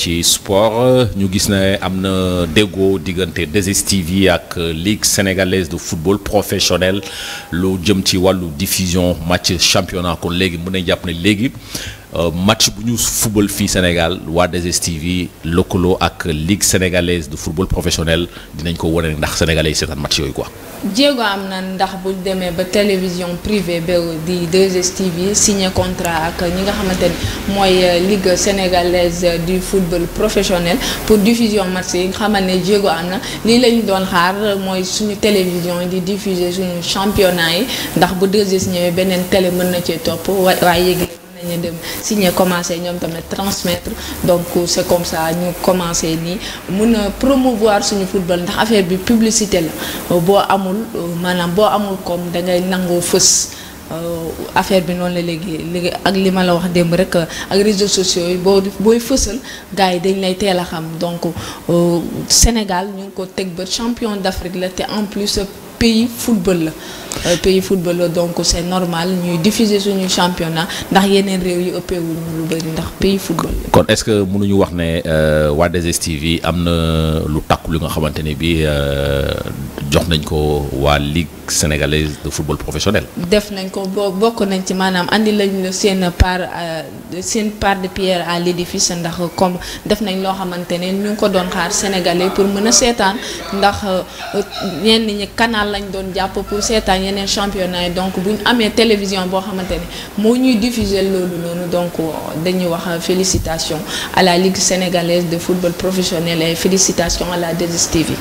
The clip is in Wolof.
ci sport ñu gis ne amna dégo diganté diggante ak ligue sénégalaise de football professionnel lo jëm ci walu diffusion match championnat kon légui mën japp né euh, match News football fii Sénégal waa TV stv lëkkaloo ak ligue sénégalaise de football professionnel dinañ ko wane ndax sénégalais c'est un match yoy quoi. jéego am na ndax bu démé ba télévision privée ba di 2 TV signé contrat ak ñi nga xamante moy euh, ligue sénégalaise du football professionnel pour diffusion match yi nga Diego ne jéego am na lii lañ doon xaar moy suñu télévision di diffuser suñu championnat yi ndax bu 2 signé ñëwee beneen télé mëna ci top topp waaye nañu dem signer commencé ñoom tamit transmettre donc c'est comme ça ñu commencé nii mun promouvoir suñu football ndax affaire bi publicité la boo amul maanaam boo amul comme da ngay nangoo fës. Euh, affaire bi non la légui léegi ak lima la wax dem rek ak réseaux sociaux yi boo booy fësal gars yi dañ lay téla xam donc euh, Sénégal ñu ko tek ba champion d'Afrique la té en plus pays football euh, pays football donc c'est normal ñuy diffuser suñu championnat ndax yenen rew yi ëppee wuñu lu bari ndax pays football quand est-ce que mënuñu wax né euh 2 des yi am lu takku li nga xamanténi bi euh jox nañ ko wa Ligue sénégalaise de football professionnel. def nañ ko bokk nañ ci manam andi lañ par part. Euh, c'est une part de pierre à l'édifice ndax comme def nañ lo xamantene ñu ko doon xaar sénégalais pour mëna a ndax euh, ñen ñi canal lañ doon japp pour seetaan yenen championnat donc nous avons télévision pour xamantene mo ñuy diffuser lolu noonu donc euh, dañuy wax euh, félicitations à la ligue sénégalaise de football professionnel et félicitations à la 2 TV